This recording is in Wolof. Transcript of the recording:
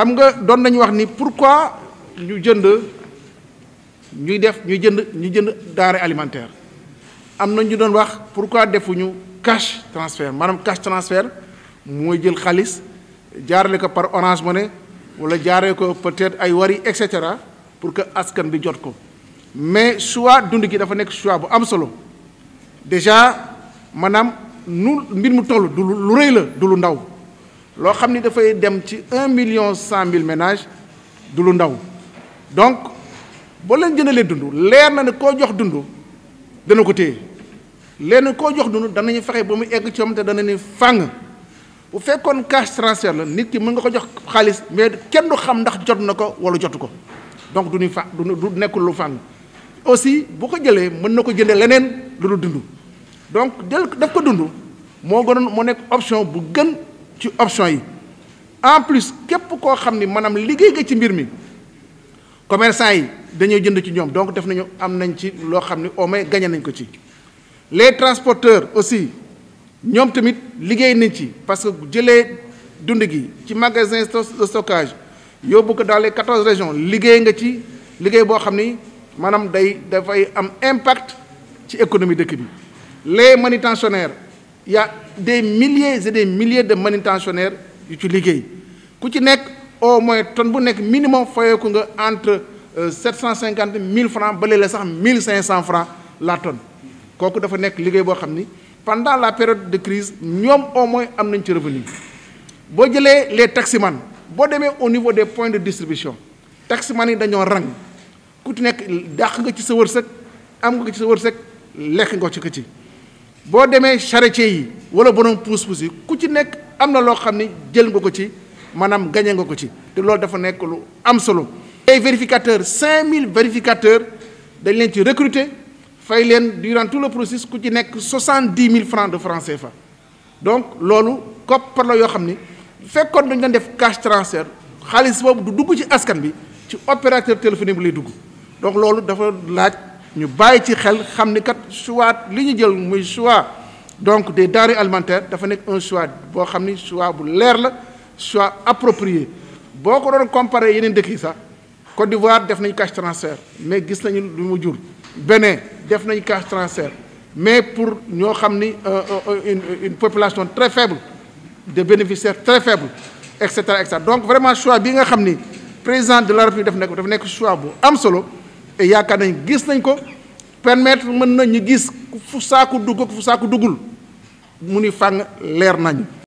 xam nga doon nañu wax ni pourquoi ñu jënd ñuy def ñu jënd ñu jënd denrée alimentaire am na ñu doon wax pourquoi defuñu cash transfert maanaam cash transfert mooy jël xaalis jaarale ko par Orange Money wala jaaree ko peut-être ay wari et cetera pour que askan bi jot ko mais choix dund gi dafa nekk choix bu am solo déjà maanaam nu mbir mu toll du lu rëy la du lu ndaw. loo xam ni dafay dem ci un million cent mille ménages du lu ndaw donc boo leen jëndalee dund leer na ne koo jox dund dana ko téye leer na koo jox dund danañu fexe ba mu egg ci moom te dana ni fànn bu fekkoon cash transfert la nit ki mën nga ko jox xaalis mais kenn du xam ndax jot na ko wala jotu ko donc du ñu fa du nekkul lu fàng aussi bu ko jëlee mën na ko jëndee leneen lu dul dund donc jël daf ko dund moo gënoon mu nekk option bu gën. ci option yi en plus képp koo xam ni maanaam liggéey nga ci mbir mi commerçant yi dañoo jënd ci ñoom donc def nañu am nañ ci loo xam ni au moins gagné nañ ko ci les transporteurs aussi ñoom tamit liggéey nañ ci parce que jëlee dund gi ci magasin de stockage yóbbu ko dans les quatorze régions liggéey nga ci liggéey boo xam ni maanaam day dafay am impact ci économie dëkk bi les manutentionnaires il y a des milliers et des milliers de manutentionnaires yu ci liggéey ku ci nekk au moins tonne bu nekk minimum fayeeku nga entre euh, sept cent cinquante mille francs ba léeg sax mille cinq cent francs la ton kooku dafa nekk liggéey boo xam ni pendant la période de crise ñoom au moins am nañ ci revenu boo jëlee les taximan boo demee au niveau des points de distribution taximan yi dañoo rang ku ci nekk dàq nga ci sa wërsëg am nga ci sa wërsëg lekk nga ci ko ci boo demee charretier yi wala borom puus-puus yi ku ci nekk am na loo xam ni jël nga ko ci maanaam gañee nga ko ci te loolu dafa nekk lu am solo. ay vérificateurs 5000 vérificateurs dañ leen ci recruter fay leen durant tout le processus ku ci nekk 70 mille francs de francs fa donc loolu koppar la yoo xam ni fekkoon dañ leen def cash transfert xaalis boobu du dugg ci askan bi ci opérateur téléphone bi lay dugg donc loolu dafa laaj. ñu bàyyi ci xel xam ni kat soit li ñu jël muy soit donc des denrées alimentaires dafa nekk un choix boo xam ni choix bu leer la choix approprié boo ko doon comparé yeneen dëkk yi sax Côte d'Ivoire def nañ cash transfert mais gis nañu lu mu jur. Bénin def nañ cash transfert mais pour ñoo xam ni euh, euh, une une population très faible de bénéficiaires très faibles et cetera et donc vraiment choix bi nga xam ni président de la République daf nekk dafa nekk choix bu am solo. te yaakaar nañ gis nañ ko permettre mën na ñu gis fu saaku dugg ak fu saaku duggul mu ni fànn leer nañ